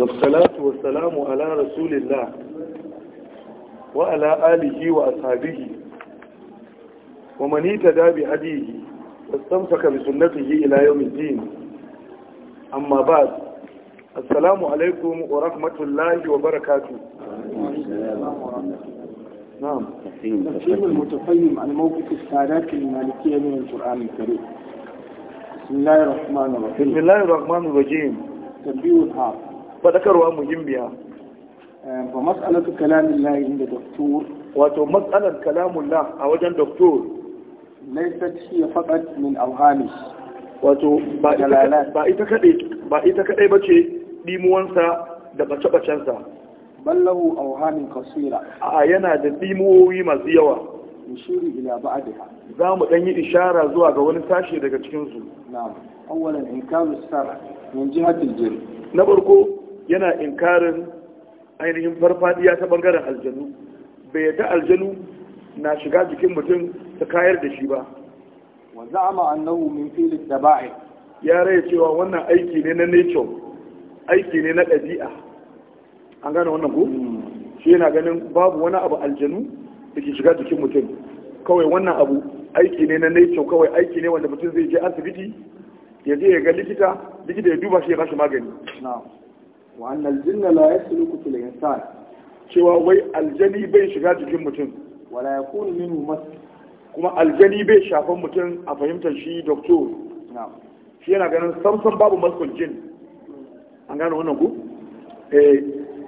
والصلاة والسلام على رسول الله وعلى آله وأصحابه ومن اهتدى بهديه واستمسك بسنته إلى يوم الدين أما بعد السلام عليكم ورحمة الله وبركاته نعم تفهيم المتقيم عن موقف السادات المالكية من القرآن الكريم بسم الله الرحمن الرحيم بسم الله الرحمن الرحيم تنبيه الحافظ fadakarwa muhimmiya ba eh, mas'alatu kalamin lahi inda doktor wato mas'alar kalamun la a wajen doktor Laita shi ya faɗa min alhamis wato ba ita kaɗai ba ita kadai ce ɗimuwansa da ɓace-ɓacensa ballahu alhamin kasira a yana da ɗimuwoyi masu yawa yushiri ila ba'daha za mu ɗanyi yi ishara zuwa ga wani tashi daga cikinsu na na'am awwalan inkaru sar min jihatil jinn na farko yana inkarin ainihin farfadiya ta bangaren aljanu bai yadda aljanu na shiga jikin mutum ta kayar da shi ba wa za'ama annahu min da ba'a? ya rai cewa wannan aiki ne na nature aiki ne na ɗabi'a an gane wannan ko hmm. shi yana ganin babu wani abu aljanu da ke shiga jikin mutum kawai wannan abu aiki ne na nature kawai aiki ne wanda mutum zai je asibiti ya je ya ga likita likita ya duba shi ya bashi magani wa annal jinna la yasluku fil insan cewa wai aljani bai shiga jikin mutum wala ya yakunu minhu mas kuma aljani bai shafan mutum a fahimtar shi doktor shi yana ganin samsan babu maskul jin an gane wannan ku eh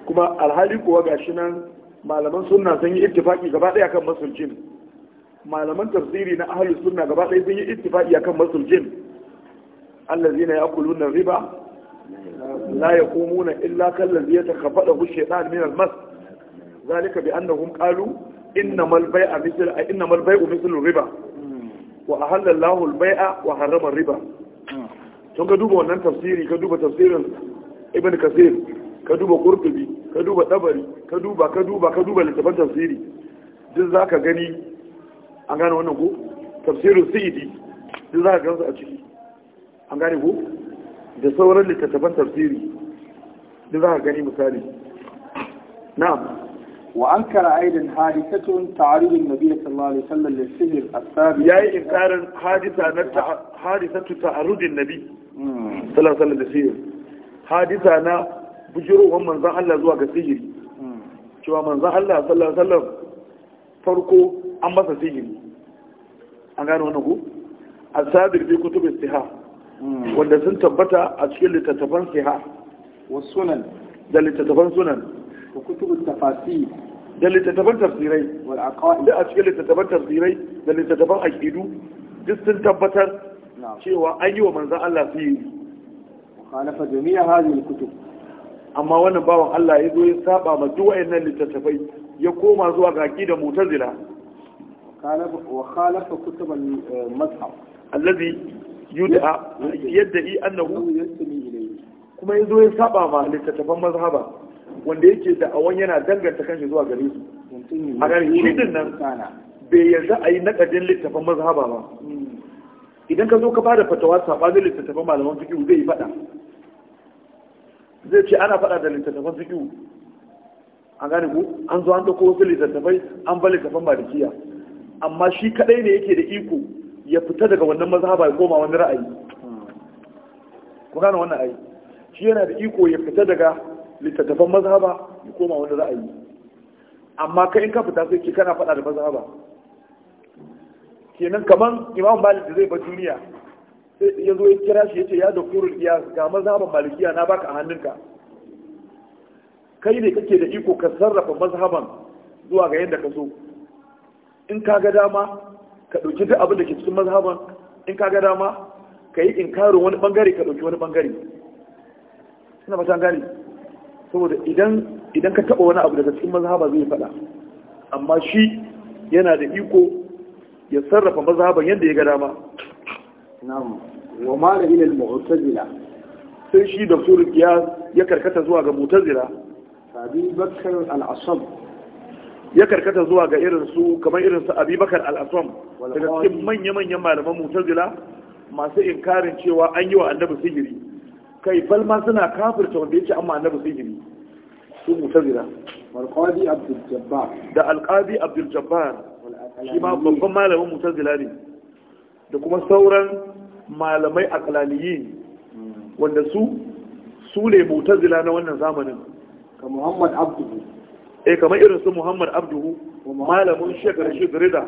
kuma alhali kuwa gashi nan malaman sunna sun yi ittifaki gaba daya kan maskul jin malaman tafsiri na ahlus sunna gaba daya sun yi ittifaki akan maskul jin allazina ya'kuluna riba la yaqumuna illa kallazi yatakabbadahu shaytan min al-mas zalika bi annahum qalu innamal bai'a mithl innamal bai'u mithl riba wa ahalla Allahu al-bai'a wa harrama riba to ka duba wannan tafsiri ka duba tafsirin ibn kasir ka duba qurtubi ka duba dabari ka duba ka duba ka duba littafin tafsiri duk zaka gani an gane wannan ko tafsirin sa'idi duk zaka gansu a ciki an gane ko da sauran littattafan tafsiri da za ka gani misali na'am wa an kara aidan hadisatun ta'aridin nabi sallallahu alaihi wasallam da sihir asabi yayi inkarin hadisa na hadisatu ta'aridin da sihir hadisa na bujiruwan manzon Allah zuwa ga sihiri cewa manzon Allah sallallahu alaihi farko an masa sihiri an gane wannan ku asabir bi kutubi istihaf Hmm. wanda sun tabbata a cikin littattafan siha wa sunan da littattafan sunan wa kutubut tafasi da littattafan tafsirai wal aqaid da a cikin littattafan tafsirai da littattafan aqidu duk sun tabbatar cewa an yi wa manzon Allah sihiri khalafa jami'a hadhihi kutub amma wannan bawan Allah ya zo ya saba ma duk wayannan littattafai ya koma zuwa ga aqida mu'tazila wa khalafa kutubal eh, mazhab alladhi yuda yadda i annahu kuma yanzu ya saba ma littattafan mazhaba wanda yake da awon yana danganta kanshi zuwa gare su a ƙarshen din nan bai yarda a yi nakadin littattafan mazhaba ba idan ka zo ka fara fatawa sabanin littattafan malaman fikihu zai yi fada zai ce ana fada da littattafan fikihu a gane ku an zo an ɗauko wasu littattafai an ba littattafan malikiya amma shi kadai ne yake da iko ya fita daga wannan mazhaba ya koma wani ra'ayi ku gane wannan ayi shi yana da iko ya fita daga littattafan mazhaba ya koma wani ra'ayi amma kai in ka fita sai ki kana faɗa da mazhaba kenan kaman imam malik da zai bar duniya sai ya zo ya kira shi ya ce ya da kurul ga mazhaban malikiya na baka a hannunka kai ne kake da iko ka sarrafa mazhaban zuwa ga yadda ka so in ka ga dama ka ɗauki duk abin da ke cikin mazhaban in ka ga dama ka yi inkarin wani bangare ka ɗauki wani bangare suna ba ta gane saboda idan ka taɓa wani abu daga cikin mazhaba zai faɗa amma shi yana da iko ya sarrafa mazhaban yadda ya ga dama wa ma da Ilil mu'tazila sai shi da surul qiyas ya karkata zuwa ga mu'tazila sabi bakar al-asab ya karkata zuwa ga irin su kamar irin su abubakar al-aswam daga cikin manya-manyan malaman mutazila masu inkarin cewa an yi wa annabi sihiri kai bal ma suna kafirta wanda ya amma annabi sihiri su mutazila alqadi abdul jabbar da alqadi abdul jabbar shi ma babban malamin mutazila ne da kuma sauran malamai aqlaliyin hmm. wanda su su ne mutazila na wannan zamanin ka muhammad abdul eh kamar irin su Muhammad Abduhu malamin Sheikh Rashid Rida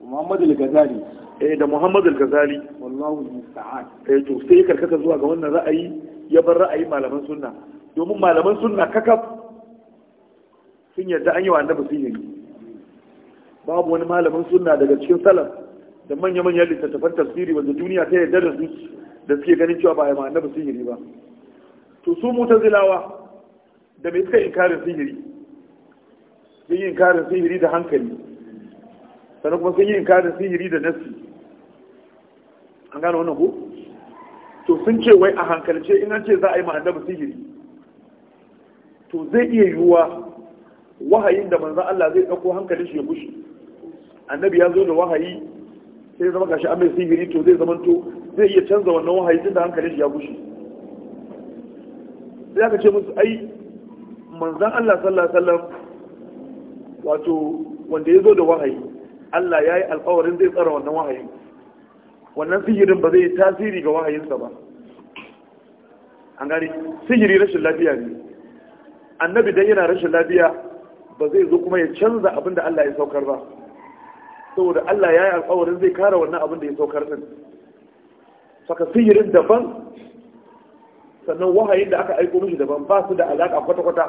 Muhammad al-Ghazali eh da Muhammad al-Ghazali wallahu musta'an eh to sai karkata zuwa ga wannan ra'ayi ya bar ra'ayi malaman sunna domin malaman sunna kakaf sun yarda an yi wa annabi sihiri babu wani malamin sunna daga cikin salaf da manya-manyan littattafan tafsiri wanda duniya ta yarda da su da suke ganin cewa ba a yi ma annabi sihiri ba to su mutazilawa da mai suka inkarin sihiri sun yi inkarin sihiri da hankali sannan kuma sun yi inkarin sihiri da nafsi an gane wannan ko to sun ce wai a hankalce in an ce za a yi ma'annabi sihiri to zai iya yiwuwa wahayin da manzan Allah zai ɗauko hankalin shi ya bushe annabi ya zo da wahayi sai zama gashi an mai sihiri to zai zama to zai iya canza wannan wahayi tun da hankalin shi ya bushe sai aka ce musu ai manzan Allah sallallahu alaihi wasallam wato wanda ya zo da wahayi Allah ya yi alkawarin zai tsara wannan wahayin wannan sihirin ba zai yi tasiri ga wahayinsa ba an gani sihiri rashin lafiya ne annabi dan yana rashin lafiya ba zai zo kuma ya canza abin da Allah ya saukar ba saboda Allah ya yi alkawarin zai kare wannan abin da ya saukar din saka sihirin daban sannan wahayin da aka aiko mishi daban ba su da alaka kwata-kwata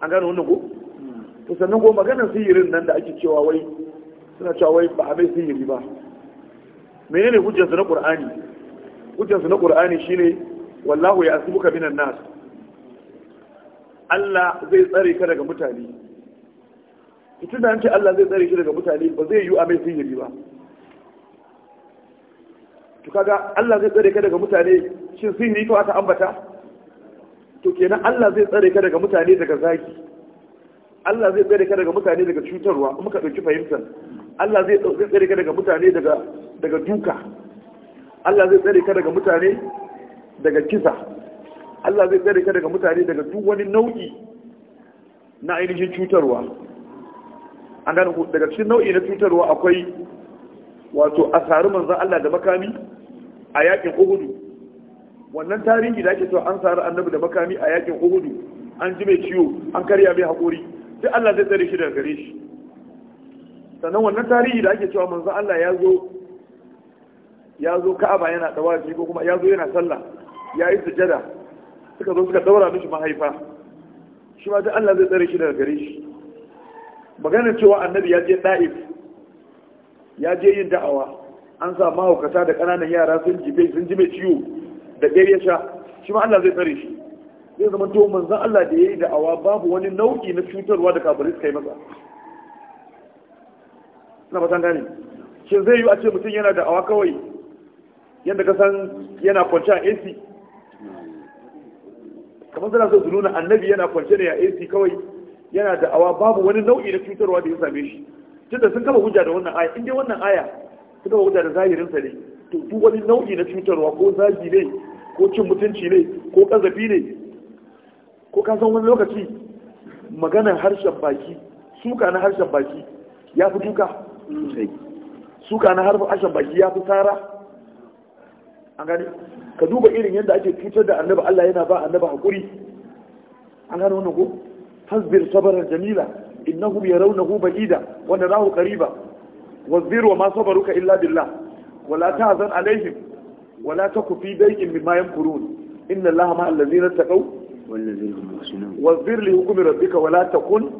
an gane wannan ko sannan ko maganar sihirin nan da ake cewa wai suna cewa wai ba a mai sihiri ba menene hujjarsu na ƙur'ani? hujjarsu na ƙur'ani shine wallahu ya ka minan nas Allah zai tsare ka daga mutane tun da an ce Allah zai tsare shi daga mutane ba zai yi a mai sihiri ba to kaga Allah zai tsare ka daga mutane shin sihiri to aka ambata to kenan Allah zai tsare ka daga mutane daga zaki Allah zai tsare ka daga mutane daga cutarwa in muka ɗauki fahimtar Allah zai tsare ka daga mutane daga duka Allah zai tsare ka daga mutane daga kisa Allah zai tsare ka daga mutane daga duk wani nau'i na ainihin cutarwa an gane daga cikin nau'i na cutarwa akwai wato a sari manzan Allah da makami a yakin Uhudu wannan tarihi da ake so an sari annabi da makami a yakin Uhudu an ji mai ciwo an karya mai haƙuri duk Allah zai tsare shi daga gare shi sannan wannan tarihi da ake cewa manzo Allah ya zo ya zo Ka'aba yana dawafi ko kuma ya zo yana sallah ya yi sujada suka zo suka daura mishi mahaifa shi ma duk Allah zai tsare shi daga gare shi magana cewa annabi ya je da'if ya je yin da'awa an sa mahaukata da ƙananan yara sun jibe sun ji mai ciwo da ƙyar ya sha shi ma Allah zai tsare shi zai zama to manzan Allah da ya yi da'awa babu wani nau'i na cutarwa da kafirai suka yi masa na fatan gane shi zai yi a ce mutum yana da'awa kawai yadda ka san yana kwanci a AC kamar suna so su nuna annabi yana kwanci ne a AC kawai yana da'awa babu wani nau'i na cutarwa da ya same shi tunda sun kama hujja da wannan aya in dai wannan aya sun kama hujja da zahirin sa ne to duk wani nau'i na cutarwa ko zagi ne ko cin mutunci ne ko kazafi ne ko ka san wani lokaci maganar harshen baki suka na harshen baki ya fi duka suka na harshen baki ya fi tsara? an gani ka duba irin yadda ake cutar da annaba Allah yana ba annaba haƙuri an gani wannan ko tasbir sabarar jamila ya yarawnahu ba'ida wanda rahu kariba wazbir wa ma sabaruka illa billah wala ta ta'zan alaihim wala ta taku fi bi mimma yamkurun inna Allah ma'al ladzina taqaw واصبر لحكم ربك ولا تكن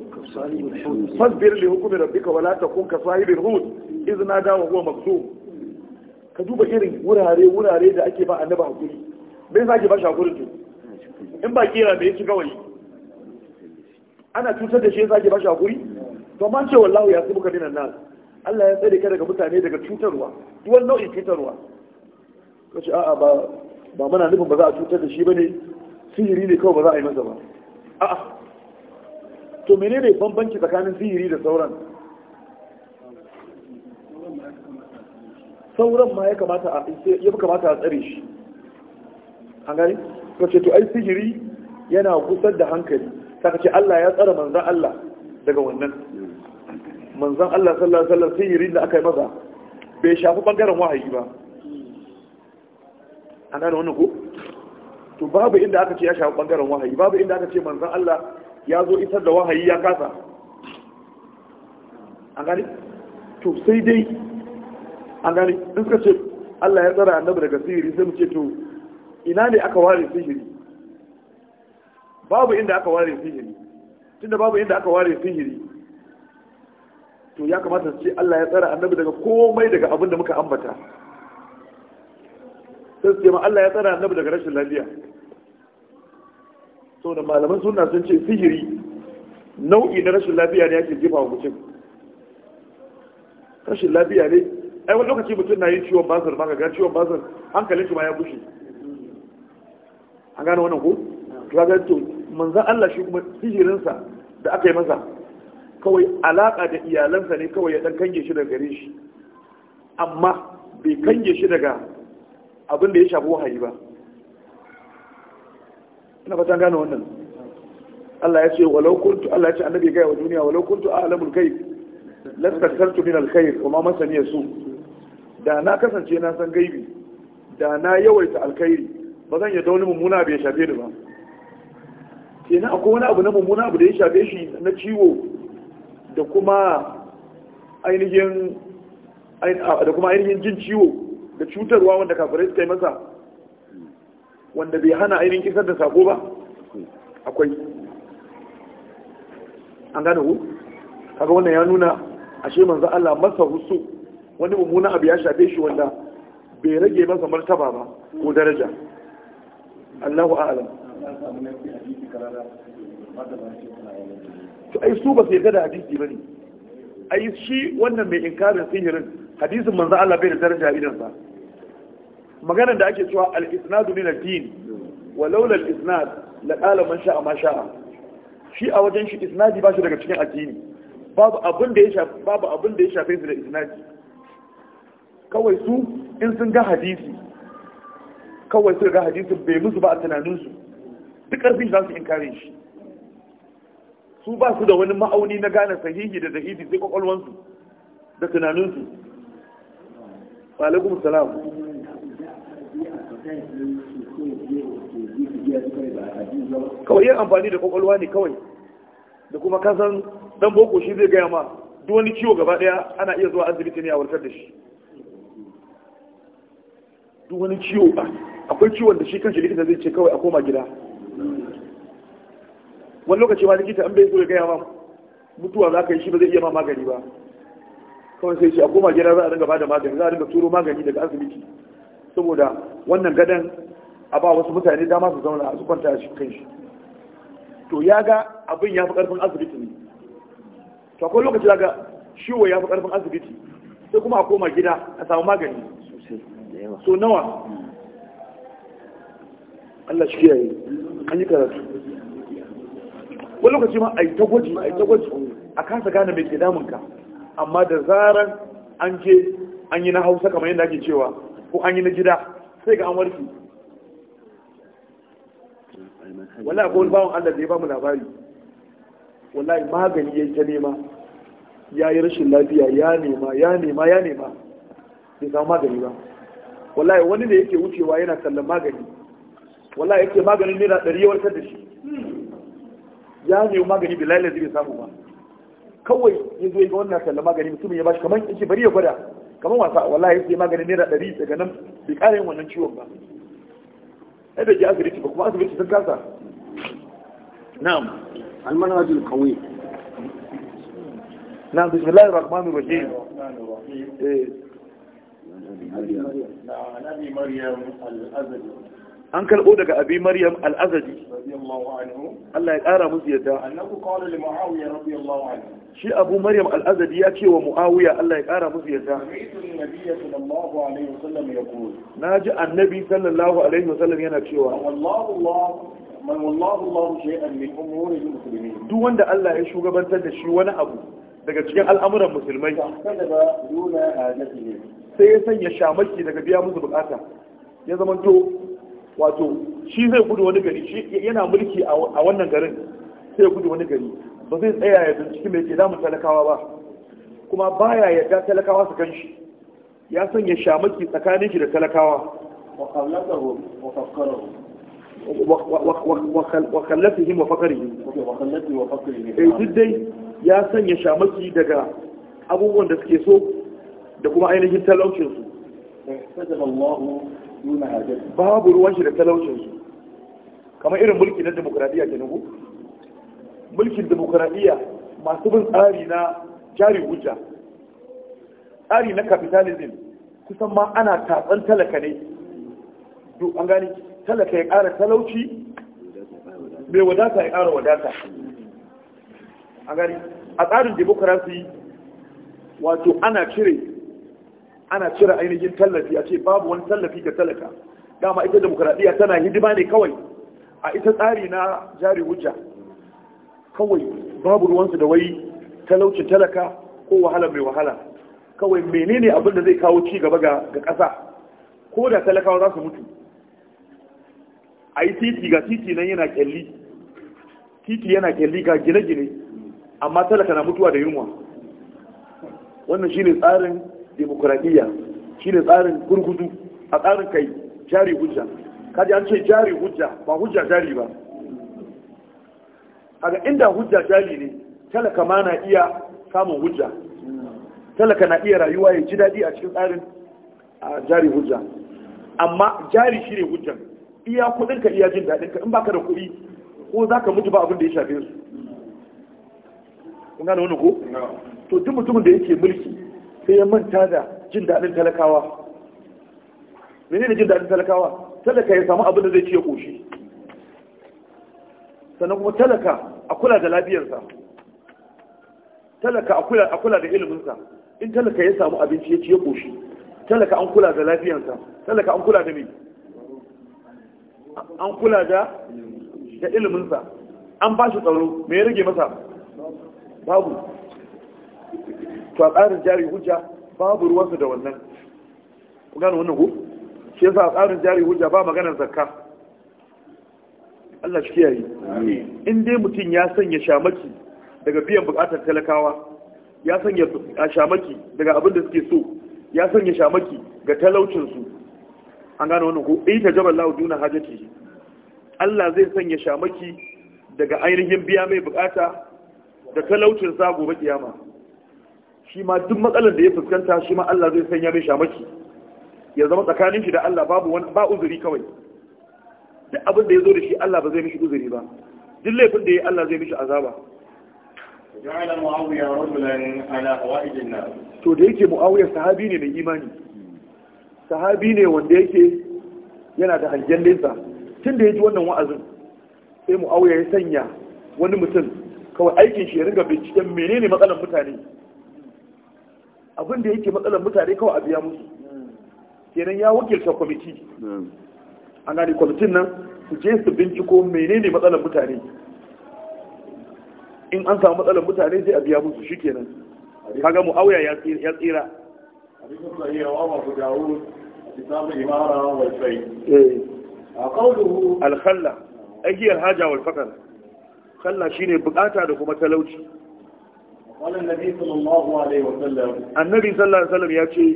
فاصبر لحكم ربك ولا تكن كصاحب الحوت إذ نادى وهو مكذوب كذوب إيرين وراري وراري da ake ba annaba hakuri bai zaki ba shi hakuri to in ba kira da yake kawai ana cutar da shi zaki ba shi hakuri to man ce wallahi ya subuka dinan nan Allah ya tsare ka daga mutane daga cutarwa duk wani nau'in cutarwa kace a'a ba ba muna nufin ba za a cutar da shi ne. sihiri ne kawai ba za a yi masa ba a'a to menene bambanci tsakanin sihiri da sauran sauran ma ya kamata a ya kamata a tsare shi an gani ka ce to ai sihiri yana gusar da hankali saka ce Allah ya tsara manzan Allah daga wannan manzan Allah sallallahu alaihi wasallam sihiri da aka yi masa bai shafi bangaren wahayi ba an gane wannan ko to babu inda aka ce ya shafi bangaren wahayi babu inda aka ce manzan Allah ya zo isar da wahayi ya kasa an gani to sai dai an gani duk suka ce Allah ya tsara annabi daga sihiri sai mu ce to ina ne aka ware sihiri babu inda aka ware sihiri tunda babu inda aka ware sihiri to ya kamata su ce Allah ya tsara annabi daga komai daga abin da muka ambata sai su ce ma Allah ya tsara annabi daga rashin lafiya to da malaman sunna sun ce sihiri nau'i na rashin lafiya ne yake jefa wa mutum rashin lafiya ne ai wani lokaci mutum na yin ciwon basir ma ga ciwon basir hankalin shi ma ya bushe an gane wannan ko ga to manzon Allah shi kuma sihirinsa da aka yi masa kawai alaka da iyalansa ne kawai ya dan kange shi daga gare shi amma bai kange shi daga abin da ya shafi wahayi ba ina fatan gane wannan Allah ya ce walau kuntu Allah ya ce annabi gaya wa duniya walau kuntu a'lamul ghaib lastaktartu min alkhair wa ma masani yasu da na kasance na san gaibi da na yawaita alkhairi ba zan yadda wani mummuna bai shafe ni ba na akwai wani abu na mummuna abu da ya shafe shi na ciwo da kuma ainihin da kuma ainihin jin ciwo da cutarwa wanda kafirai suka yi masa wanda bai hana ainihin kisar da sako ba akwai an gane ku kaga wannan ya nuna ashe manzo Allah masa husu wani mummuna abu ya shafe shi wanda bai rage masa martaba ba ko daraja Allahu a'lam to ai su ba a yarda da hadisi bane ai shi wannan mai inkarin sihirin hadisin manzo Allah bai da daraja idan sa maganar da ake cewa al-isnadu min al din wa laula al-isnad la qala man sha'a ma sha'a shi a wajen shi isnadi ba shi daga cikin addini babu abin da ya shafi babu abin da ya shafe su da isnadi kawai su in sun ga hadisi kawai su ga hadisin bai musu ba a tunanin su duk karfin za su inkare shi su ba su da wani ma'auni na gane sahihi da zahidi sai kwakwalwansu da tunaninsu alaikum salam kawai yin amfani da kwakwalwa ne kawai da kuma kasan dan boko shi zai gaya ma duk wani ciwo gaba daya ana iya zuwa asibiti ne a warkar da shi duk wani ciwo akwai ciwon da shi kan shi likita zai ce kawai a koma gida wani lokaci ma likita an bai zo ya gaya ma mutuwa za ka yi shi ba zai iya ma magani ba kawai sai shi a koma gida za a dinga bada magani za a dinga turo magani daga asibiti saboda wannan gadon a ba wasu mutane dama su zauna su kwanta a kan shi to ya ga abin ya fi karfin asibiti ne to akwai lokaci ya ga shiwo ya fi karfin asibiti sai kuma a koma gida a samu magani so nawa Allah shi kiyaye an yi karatu wani lokaci ma a yi ta gwaji a yi ta gwaji a kasa gane mai ke damunka amma da zaran an je an yi na hausa kamar yadda ake cewa ko an yi na gida sai ga an warki wala ko wani Allah da ya bamu labari wallahi magani ya ta nema ya yi rashin lafiya ya nema ya nema ya nema bai samu magani ba wallahi wani da yake wucewa yana kallon magani wallahi yake maganin naira ɗari ya warkar da shi ya nemi magani bilal da zai samu ba kawai ya zo ga wannan sallah magani mutumin ya bashi kamar yake bari ya gwada kamar wasa wallahi sai magani naira ɗari daga nan bai ƙara yin wannan ciwon ba ai bai je asibiti ba kuma asibiti sun kasa na'am almanhajul qawi na'am bismillahir rahmanir rahim eh. an karɓo daga abi maryam al-azadi Allah ya ƙara musu yadda annabi qala li muawiya radiyallahu anhu shi abu maryam al'azadi ya ce wa mu'awiya Allah ya kara musu yarda na ji annabi sallallahu alaihi wasallam yana cewa duk wanda Allah ya shugabantar da shi wani abu daga cikin al'amuran musulmai sai ya sanya shamaki daga biya musu bukata ya zama to wato shi zai gudu wani gari shi yana mulki a wannan garin sai ya gudu wani gari ba zai tsaya ya binciki mai ke damun talakawa ba kuma baya yadda talakawa su kan shi ya sanya shamaki tsakanin shi da talakawa wa kallatihim wa fakari ne eh, duk dai ya sanya shamaki daga abubuwan da suke so da kuma ainihin talaucinsu eh, babu ruwan shi da talaucinsu kamar irin mulki na demokradiyya ke nugu mulkin demokuraɗiyya masu bin tsari na jari hujja tsari na capitalism kusan ma ana tatsan talaka ne duk an gani talaka ya ƙara talauci mai wadata ya ƙara wadata an gani a tsarin demokarasi wato ana cire ana cire ainihin tallafi a ce babu wani tallafi ga talaka dama ita demokaradiyya tana hidima ne kawai a ita tsari na jari hujja kawai babu ruwansu da wai talaucin talaka ko wahala mai wahala kawai menene abin da zai kawo ci gaba ga ƙasa ko da talakawa za su mutu a yi titi ga titi nan yana kyalli titi yana kyalli ga gine-gine amma talaka na mutuwa da yunwa wannan shi ne tsarin demokuraɗiyya shine tsarin gurgudu a tsarin kai jari hujja kaji an ce jari hujja ba hujja jari ba Aga inda hujja jali ne talaka ma na iya samun hujja talaka na iya rayuwa ya ji daɗi a cikin tsarin a jari hujja amma jari shi ne hujjan iya ka iya jin daɗinka in baka da kuɗi ko za ka mutu ba abin da ya shafe su kun gane wani ko to duk mutumin da yake mulki sai ya manta da jin daɗin talakawa menene jin daɗin talakawa talaka ya samu abin da zai ci ya ƙoshi sannan kuma talaka a kula da lafiyarsa talaka a kula da iliminsa in talaka ya samu abinci ya ci ya koshi talaka an kula da lafiyarsa talaka an kula da mai an kula da da iliminsa an ba shi tsaro mai rage masa babu to a tsarin jari hujja babu ruwansa da wannan gano wannan ku shi yasa a tsarin jari hujja ba maganar zakka Allah shi kiyaye in dai mutum ya sanya shamaki daga biyan bukatar talakawa ya sanya shamaki daga abin da suke so ya sanya shamaki ga talaucinsu an gane wannan ko ta jabal lahu duna hajati Allah zai sanya shamaki daga ainihin biya mai bukata da talaucin sa gobe kiyama shi ma duk matsalar da ya fuskanta shi ma Allah zai sanya mai shamaki ya zama tsakanin shi da Allah babu wani ba uzuri kawai duk abin da ya zo da shi Allah ba zai mishi uzuri ba duk laifin da ya Allah zai mishi azaba to da yake mu'awiyar sahabi ne mai imani sahabi ne wanda yake yana da hangen nesa tun da ya ji wannan wa'azin sai mu'awiyar ya sanya wani mutum kawai aikin shi ya ringa binciken menene matsalar mutane abin da yake matsalar mutane kawai a biya musu kenan ya wakilta kwamiti Ana gane kwamitin nan su je su binciko menene matsalar mutane in an samu matsalar mutane sai a biya musu shi kenan kaga auya ya tsira eh. A a wa alkhalla ajiyar haja wal fakar khalla shine bukata da kuma talauci an-nabi sallallahu alaihi wasallam annabi sallallahu alaihi wasallam ya ce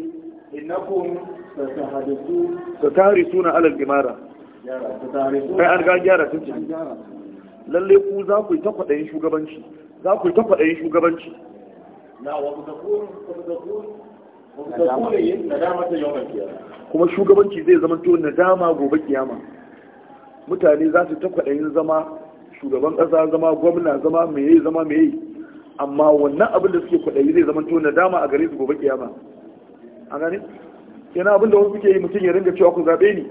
innakum ta tari suna alal imara kai an ga gyara tun lalle ku za ku yi ta kwaɗayin shugabanci za ku yi ta kwaɗayin shugabanci kuma shugabanci zai zama to dama gobe kiyama mutane za su ta kwaɗayin zama shugaban ƙasa zama gwamna zama meye zama meye amma wannan abin da suke kwaɗayi zai zama to dama a gare su gobe kiyama a gane kenan abin da wasu suke yi mutum ya ringa cewa ku zaɓe ni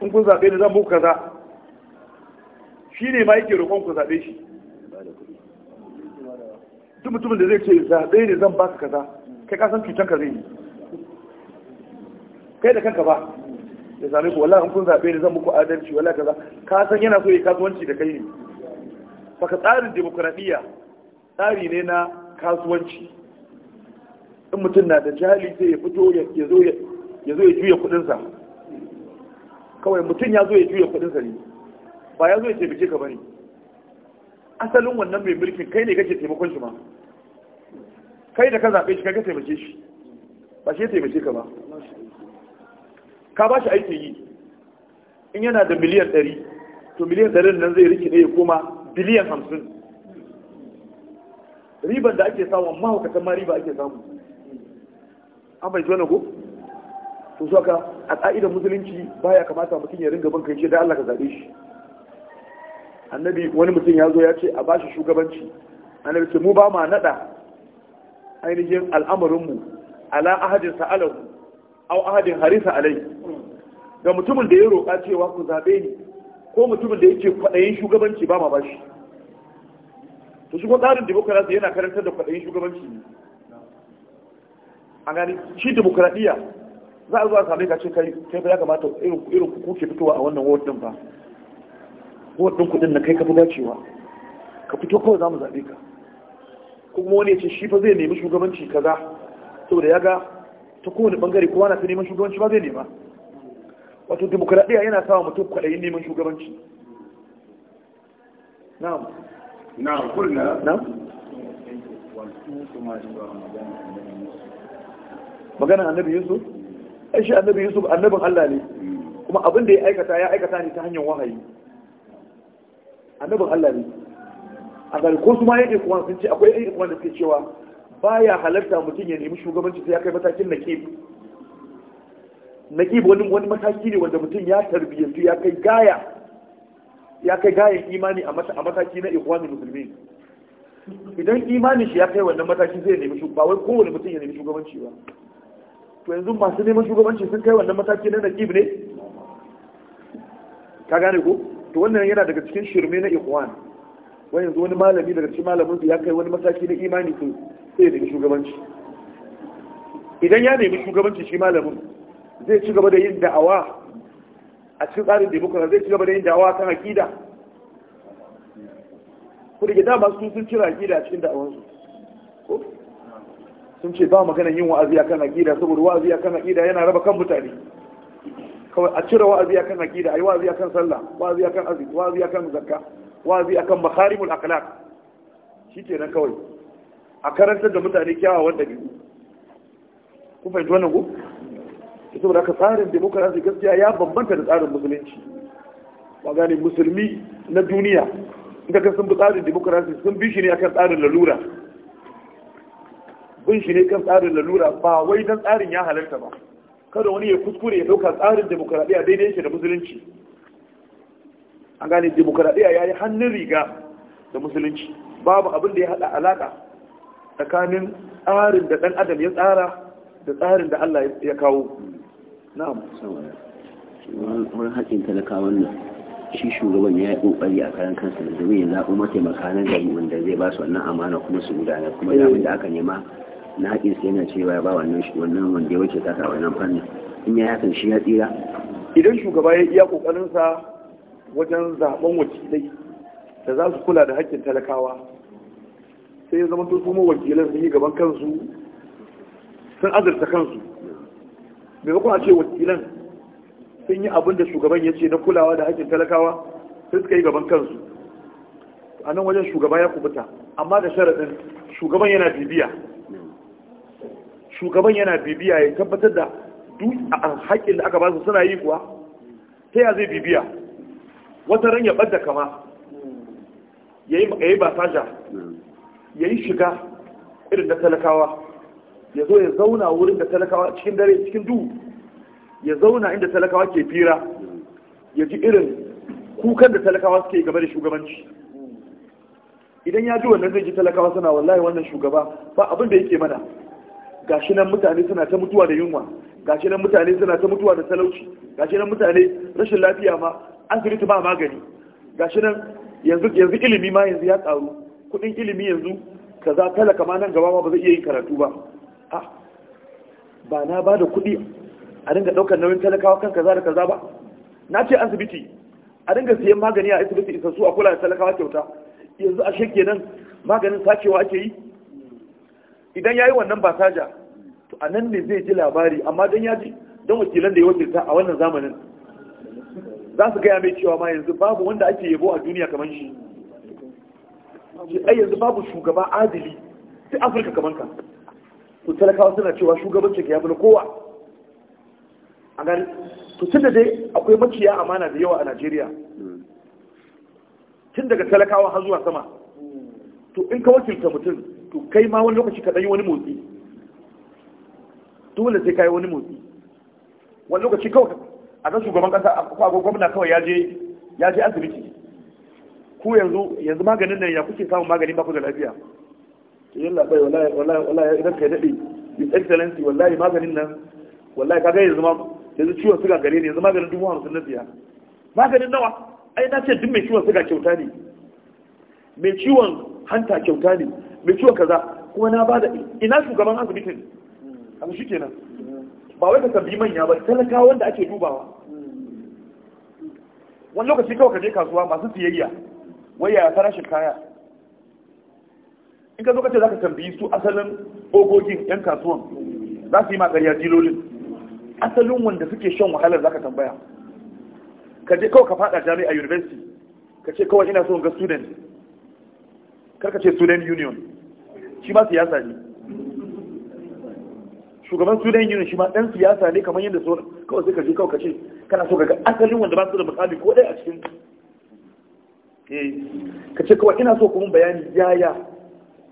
in kun zaɓe ni zan muku kaza shi ne ma yake roƙon ku zaɓe shi duk mutumin da zai ce zaɓe ne zan baka kaza kai ka san cutan ka zai yi kai da kanka ba ya zame ku wallahi in kun zaɓe ne zan muku adalci wallahi kaza ka san yana so ya kasuwanci da kai ne baka tsarin demokradiyya tsari ne na kasuwanci in mutum na da jali zai ya fito ya zo ya juya kudinsa kawai mutum ya zo ya juya kudinsa ne ba ya zo ya taimake ka bane asalin wannan mai mulkin kai ne kake taimakon shi ma kai da ka zaɓe shi kai ka taimake shi ba shi ya taimake ka ba ka ba shi aikin yi in yana da miliyan ɗari to miliyan ɗari nan zai rikide ya koma biliyan hamsin riban da ake samu mahaukatan ma riba ake samu an bai zuwa ko to so ka a ka'idar musulunci baya kamata mutum ya ringa banka ce da Allah ka zabe shi annabi wani mutum ya zo ya ce a bashi shugabanci annabi ce mu ba ma nada ainihin al'amarinmu ala ahadin sa'alahu au ahadin harisa alai ga mutumin da ya roƙa cewa ku zaɓe ni ko mutumin da yake kwaɗayin shugabanci ba ma bashi to shi ko tsarin demokarasi yana karantar da kwaɗayin shugabanci ne a gani shi demokradiyya za a zuwa sami ka ce kai kai ba ya kamata irin kuke ke fitowa a wannan ward din ba ward din kudin na kai ka fi dacewa ka fito kawai za mu zaɓe ka kuma wani ya ce shi fa zai nemi shugabanci kaza saboda ya ga ta kowane bangare kowa na ta neman shugabanci ba zai nema wato demokradiyya yana sawa mutum kwaɗayin neman shugabanci na'am na'am kulna na'am maganar annabi yusuf ai shi annabi yusuf annabin allah ne kuma abin da ya aikata ya aikata ne ta hanyar wahayi annabin allah ne a gari ko su ma yake kuma sun ce akwai yake kuma da suke cewa baya halarta mutum ya nemi shugabanci sai ya kai matakin naqib naqib wani wani mataki ne wanda mutum ya tarbiyyantu ya kai gaya ya kai gayan imani a mataki na ikhwanul muslimin idan imanin shi ya kai wannan mataki zai nemi shugaba wai kowane mutum ya nemi shugabanci ba to yanzu masu neman shugabanci sun kai wannan mataki na naqib ne ka gane ko to wannan yana daga cikin shirme na ikhwan wani yanzu wani malami daga cikin malamin su ya kai wani mataki na imani to sai da shugabanci idan ya nemi shugabanci shi malamin zai ci gaba da yin da'awa a cikin tsarin demokrasi zai ci gaba da yin da'awa kan akida ku da ke su sun cira akida a cikin da'awansu sun ce ba magana yin wa'azi akan aqida saboda wa'azi akan aqida yana raba kan mutane kawai a cire wa'azi akan aqida ayi wa'azi akan sallah wa'azi akan azumi wa'azi akan zakka wa'azi akan makarimul akhlaq shikenan kawai a karantar da mutane kyawawan dabi'u ku fahimci wannan ku saboda haka tsarin demokarasi gaskiya ya bambanta da tsarin musulunci ba gane musulmi na duniya in ka sun bi tsarin demokarasi sun bi shi ne akan tsarin lalura kun shi ne kan tsarin lalura ba wai dan tsarin ya halarta ba kada wani ya kuskure ya dauka tsarin demokradiya daidai yake da musulunci an gane demokradiya ya yi hannun riga da musulunci babu abin da ya hada alaka tsakanin tsarin da ɗan adam ya tsara da tsarin da Allah ya kawo na'am wani haƙƙin talakawan nan shi shugaban ya yi ƙoƙari a kayan kansa da zai ya zaɓo mataimaka na gari wanda zai ba su wannan amana kuma su gudanar kuma da da aka nema na haƙin sai yana cewa ya ba wannan wannan wanda wace ta tasa wannan fannin in ya kan shi ya tsira idan shugaba ya iya kokarin sa wajen zaben wakilai da za su kula da haƙƙin talakawa sai ya zama su wakilan sun yi gaban kansu sun azurta kansu maimakon a ce wakilan sun yi abin da shugaban ya ce na kulawa da haƙƙin talakawa sai suka yi gaban kansu a nan wajen shugaba ya kubuta amma da sharaɗin shugaban yana bibiya shugaban yana bibiya ya tabbatar da duk haƙƙin da aka ba su suna yi kuwa ta ya zai bibiya wata ran ya ɓadda kama ya yi basaja ya yi shiga irin da talakawa ya zo ya zauna wurin da talakawa cikin dare cikin duhu ya zauna inda talakawa ke fira ya ji irin kukan da talakawa suke game da shugabanci idan ya ji wannan zai ji talakawa suna wallahi wannan shugaba ba abin da yake mana gashi nan mutane suna ta mutuwa da yunwa gashi nan mutane suna ta mutuwa da talauci gashi nan mutane rashin lafiya ma asibiti ba magani gashi nan yanzu yanzu ilimi ma yanzu ya karu kudin ilimi yanzu kaza talaka ma nan gaba ma ba zai iya yin karatu ba a ah, ba na ba da kudi a dinga daukar nauyin talakawa kan kaza da kaza ba na ce asibiti a dinga siyan magani a asibiti isassu a kula da talakawa kyauta yanzu a shekenan nan maganin sacewa ake yi idan ya yi wannan saja, to a nan ne zai ji labari amma don ya ji don wakilan da ya wakilta a wannan zamanin za su gaya mai cewa ma yanzu babu wanda ake yabo a duniya kamar shi ai yanzu babu shugaba adili sai afirka kamar ka to talakawa suna cewa shugabanci ya fi na kowa a gan to tun da dai akwai maciya amana da yawa a najeriya tun daga talakawa har zuwa sama to in ka wakilta mutum to kai ma wani lokaci ka yi wani motsi dole sai kai wani motsi wani lokaci kawai a kan shugaban ƙasa ko gwamna kawai ya je ya je asibiti ku yanzu yanzu maganin nan ya kuke samun maganin ba ku da lafiya yalla bai wallahi wallahi wallahi idan kai daɗe his excellency wallahi maganin nan wallahi kaga yanzu ma yanzu ciwon suga gare ne yanzu maganin dubu hamsin na biya maganin nawa ai na ce duk mai ciwon suga kyauta ne mai ciwon hanta kyauta ne mai ciwon kaza kuma na ba ina shugaban asibitin a shi kenan ba wai ka sabbi manya ba talaka wanda ake dubawa wani lokaci kawai ka je kasuwa masu siyayya wai ya farashin kaya in ka zo kace za ka tambayi su asalin ogogin yan kasuwan za su yi ma ƙarya dilolin asalin wanda suke shan wahalar za ka tambaya ka je kawai ka fada jami'a university ka ce kawai ina son ga student karka ce student union shi ba siyasa ne shugaban student union shi ma dan siyasa ne kamar yadda sauran kawai sai ka je kawai ka ce kana so ka ga asalin wanda ba su da misali ko dai a cikin eh, ka ce kawai ina so kuma bayani yaya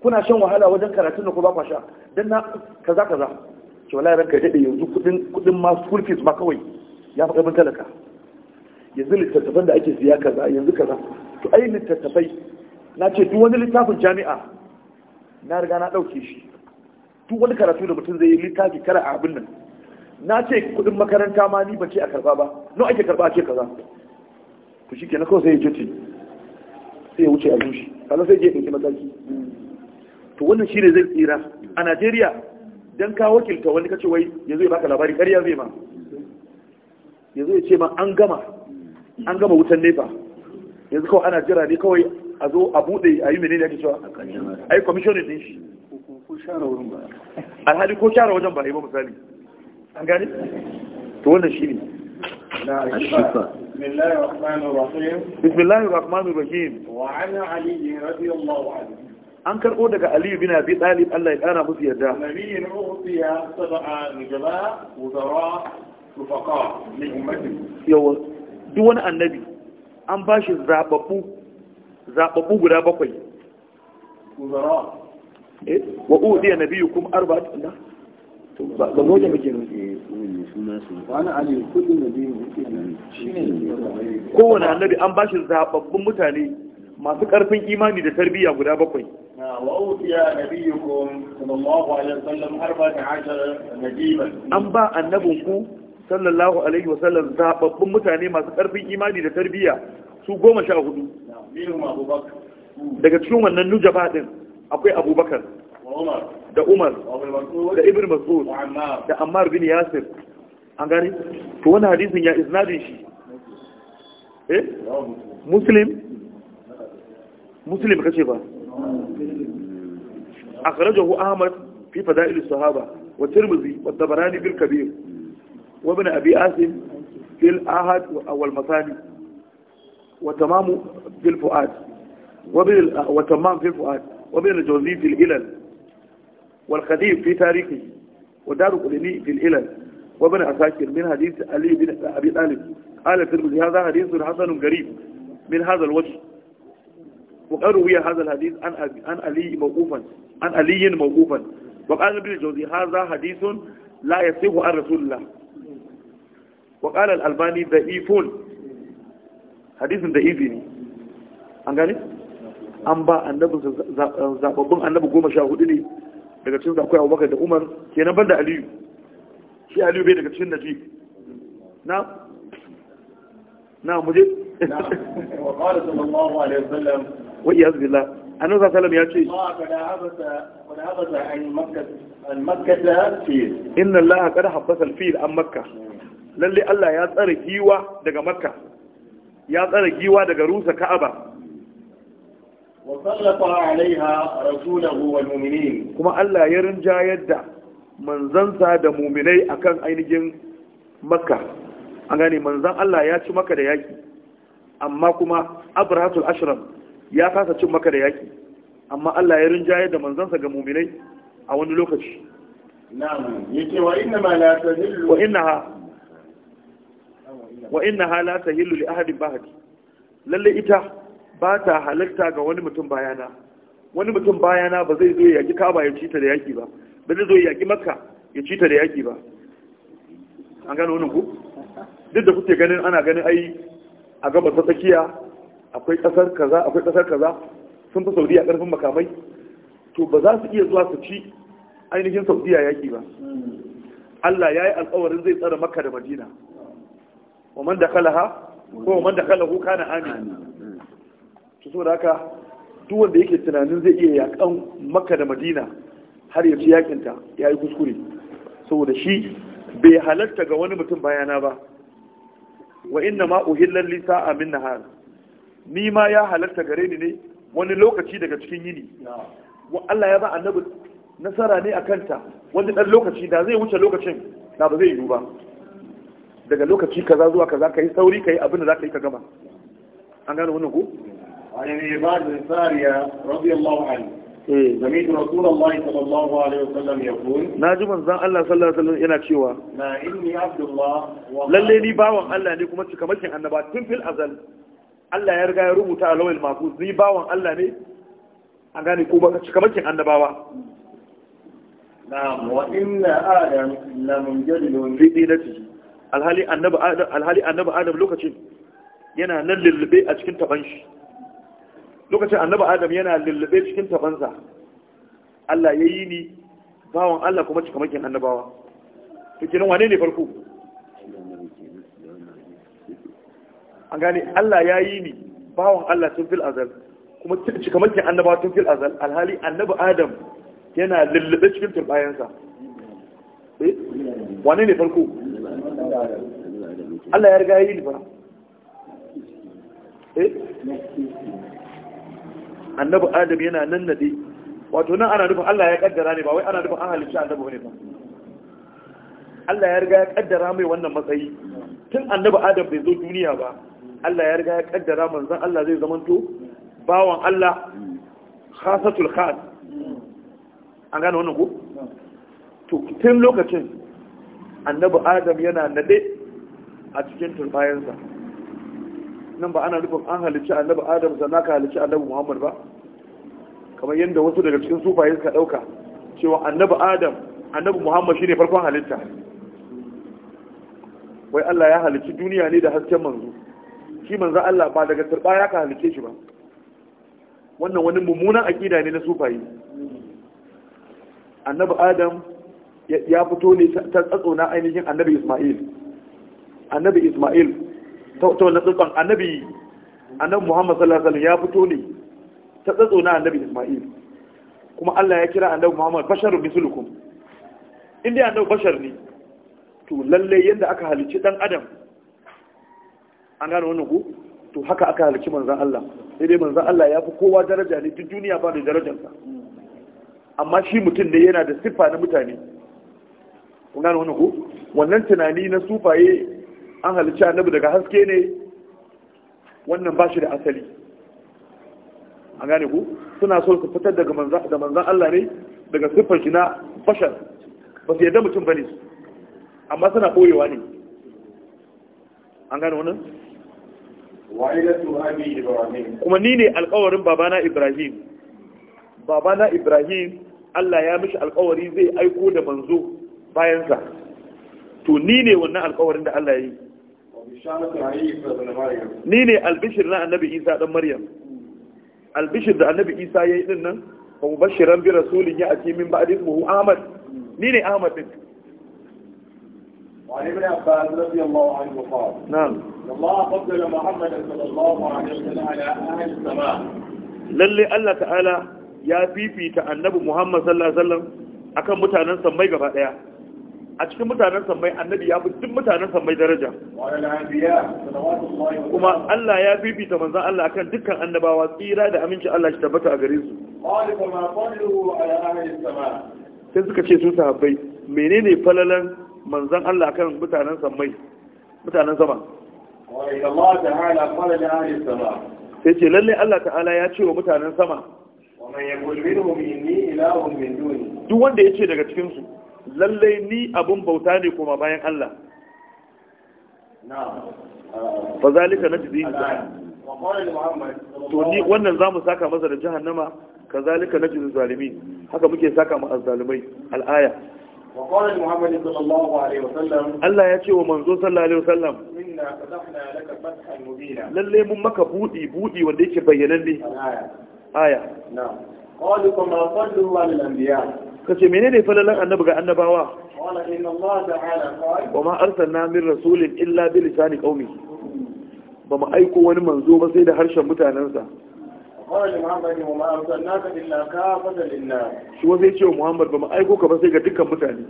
kuna shan wahala wajen karatun da ku ba kwa sha dan na kaza kaza ce wallahi ranka dade yanzu kudin kudin ma school fees ma kawai ya fi karfin talaka yanzu littattafan da ake siya kaza yanzu kaza to ai littattafai na ce duk wani littafin jami'a na riga na ɗauke shi duk wani karatu da mutum zai yi littafi kada a abin nan na ce kuɗin makaranta ma ni ban ce a karɓa ba no ake karɓa ake kaza to shi kenan kawai sai ya ce sai ya wuce a zuci kaza sai ya ɗauki mataki to wannan shi ne zai tsira a najeriya don ka wakilta wani kace wai ya zo ya baka labari ƙarya zai ma ya zo ya ce ma an gama an gama wutan nefa yanzu kawai ana jira ne kawai a zo a bude a yi menene ake cewa a yi commissioning din shi alhali ko share wajen ba a yi ba misali an gane to wannan shi ne بسم الله الرحمن الرحيم وعن an karɓo daga aliyu bin abi talib Allah ya ƙara musu yarda nabiyin uqiya sab'a nujaba wuzara rufaqa min ummati yawa duk wani annabi an bashi zababbu zaɓaɓɓu guda bakwai eh, wa udiya nabiyukum arba'at na to ba goje muke eh, wani kowane annabi an bashi zaɓaɓɓun mutane masu ƙarfin imani da tarbiyya guda bakwai an ba ku sallallahu alaihi wasallam zaɓaɓɓun mutane masu ƙarfin imani da tarbiyya su goma sha hudu daga cikin wannan nujaba din akwai abubakar da umar da ibn mas'ud da ammar bin yasir an gari to wani hadisin ya iznadin shi eh muslim muslim kace ba akhrajahu ahmad fi fada'il as-sahaba wa tirmidhi wa tabarani bil kabir wa ibn abi asim fil ahad wa awal masani وتمام في الفؤاد آه، وتمام في الفؤاد وبين الجوزي في الإلل والخديف في تاريخه ودار قلني في الإلل وابن عساكر من حديث علي بن أبي طالب قال الترمذي هذا حديث حسن قريب من هذا الوجه وقد روي هذا الحديث عن عن علي موقوفا عن علي موقوفا وقال ابن الجوزي هذا حديث لا يصح عن رسول الله وقال الألباني ضعيف hadisin da izini, ne an gani? an ba annabin eh, zababbin annabi goma sha hudu ne daga cikin zakwai abubakar da umar ke ban da aliyu shi aliyu bai daga cikin naji. na na muje wa iya الله عليه وسلم وإياذ بالله أنه صلى الله عليه وسلم يأتي الله قد هبت قد هبت عن tsare daga makka ya tsara giwa daga rusa ka'aba sallata alaiha rasulahu wal mu'minin kuma Allah ya rinjayar da manzansa da mu'minai akan ainihin makka an gane manzan Allah ya ci Makka da yaki amma kuma abrahatul ashram ya kasa cin Makka da yaki amma Allah ya rinjayar da manzansa ga mu'minai a wani lokaci na'am yake wa inna ma la tazillu wa innaha wa inna hala ta hillu li ahadin bahadi lalle ita ba ta halatta ga wani mutum bayana wani mutum bayana ba zai zo ya yaki kaba ya ci ta da yaki ba ba zai zo ya maka makka ya ci ta da yaki ba an gano wannan ku duk da kuke ganin ana ganin ai a gaba ta tsakiya akwai kasar kaza akwai kasar kaza sun fi saudiya karfin makamai to ba za su iya zuwa su ci ainihin saudiya yaki ba Allah ya yi alkawarin zai tsara makka da madina wa man dakalaha ko wa man dakalahu kana amin to haka duk wanda yake tunanin zai iya yakan makka da madina har ya ci yakin ta yayi kuskure saboda shi bai halarta ga wani mutum bayana ba wa inna ma uhillan li sa'a min nahar ni ma ya halarta gare ni ne wani lokaci daga cikin yini wa Allah ya ba annabi nasara ne a kanta wani dan lokaci da zai wuce lokacin da ba zai yiwu ba daga lokaci kaza zuwa kaza kai sauri kai abin da zaka yi ka gama an gane wannan ko an ibad bin sariya radiyallahu anhu eh zamitu rasulullahi sallallahu alaihi wasallam yaqul naji manzon Allah sallallahu alaihi wasallam yana cewa na inni abdullah wa lalle ni bawan Allah ne kuma cikamakin annaba tun fil azal Allah ya riga ya rubuta a lawal mahfuz ni bawan Allah ne an gane ko ba cikamakin annabawa na'am wa inna adam lamunjalilun bi dinatihi alhali annabi adam lokacin yana nan lullube a cikin taban shi lokacin annabi adam yana lullube cikin tabansa Allah ya yi ni bawan Allah kuma cikamakin annabawa to kenan wane ne farko an gane Allah ya yi ni bawan Allah tun fil azal kuma cikamakin annabawa tun fil azal alhali annabi adam yana lullube cikin turbayansa eh, wane ne farko Allah ya riga ya yi Eh? annabi adam yana nan nade wato nan ana nufin Allah ya kaddara ne ba wai ana nufin an halicci annabi ne ba Allah ya riga ya kaddara mai wannan matsayi tun annabi adam bai zo duniya ba Allah ya riga ya kaddara manzon Allah zai zamanto bawan Allah khasatul khas an gane wannan ko to tun lokacin annabi adam yana nade a cikin turbayansa nan ba ana nufin an halicci annabi adam sannan ka halicci annabi muhammad ba kamar yadda wasu daga cikin sufaye ka dauka cewa annabi adam annabi muhammad shine farkon halitta wai Allah ya halicci duniya ne da hasken manzo shi manzo Allah ba daga turba ya ka halicce shi ba wannan wani mummunan akida ne na sufaye annabi adam ya fito ne ta tsatso na ainihin annabi ismail annabi ismail ta wani tsatson annabi annabi muhammad sallallahu alaihi ya fito ne ta tsatso na annabi ismail kuma allah ya kira annabi muhammad basharun mislukum inda annabi bashar ne to lalle yadda aka halici dan adam an gane wani ku to haka aka halici manzan allah sai dai manzan allah ya fi kowa daraja ne duk duniya ba da darajarsa amma shi mutum ne yana da siffa na mutane kun gane wani ko wannan tunani na sufaye an halicci annabi daga haske ne wannan ba shi da asali an gane ku suna so su fitar daga manzan Allah ne daga siffar shi na bashar ba su yadda mutum bane amma suna koyewa ne an gane wannan kuma ni ne alkawarin babana ibrahim babana ibrahim Allah ya mishi alkawari zai aiko da manzo bayansa to ni ne wannan alkawarin da Allah ya yi ni ne albishir na annabi isa dan maryam albishir da annabi isa ya yi dinnan fa mubashiran bi rasulin ya ati min ba'adin muhu ahmad ni ne ahmad din وعن ابن عباس رضي الله عنه قال نعم الله فضل محمد صلى الله عليه وسلم على اهل السماء للي الله تعالى يا فيفي annabi Muhammad sallallahu alaihi wasallam akan mutanen sammai gaba daya a cikin mutanen sammai annabi ya fi duk mutanen sammai daraja kuma Allah ya bibita manzan Allah akan dukkan annabawa tsira da aminci Allah shi tabbata a gare su sai suka ce su sahabbai menene falalan manzon Allah kan mutanen sammai mutanen sama sai ce lalle Allah ta'ala ya ce wa mutanen sama duk wanda ya ce daga cikinsu lallai ni abin bauta ne kuma bayan Allah. Fa zalika na jizi To ni wannan zamu saka masa da jahannama ka zalika na jizi zalimi haka muke saka mu azzalimai al'aya. Allah ya ce wa manzo وسلم الله يأتي ومنزول mun maka عليه وسلم wanda فتحنا bayyana ne. Aya. kace menene falalan annabi ga annabawa wa ma arsalna min rasulin illa bi lisani qaumi ba mu aiko wani manzo ba sai da harshen mutanensa shi wa zai ce wa muhammad ba mu aiko ka ba sai ga dukkan mutane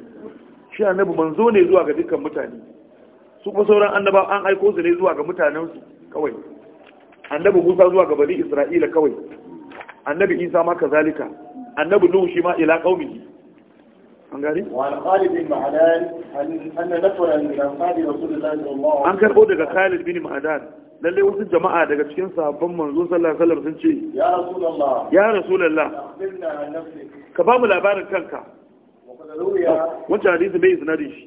shi annabi manzo ne zuwa ga dukkan mutane su kuma sauran annaba an aiko su ne zuwa ga mutanensu kawai annabi musa zuwa ga bani isra'ila kawai annabi isa ma kazalika annabi nuhu shi ma ila qaumihi an gari wa khalid bin ma'dan anna nafaran min ashabi rasulullahi sallallahu an karbo daga khalid bin ma'dan lalle wasu jama'a daga cikin sahabban manzo sallallahu alaihi wasallam sun ce ya rasulullah ya rasulullah ka ba mu labarin kanka wacce hadisi bai sanadin shi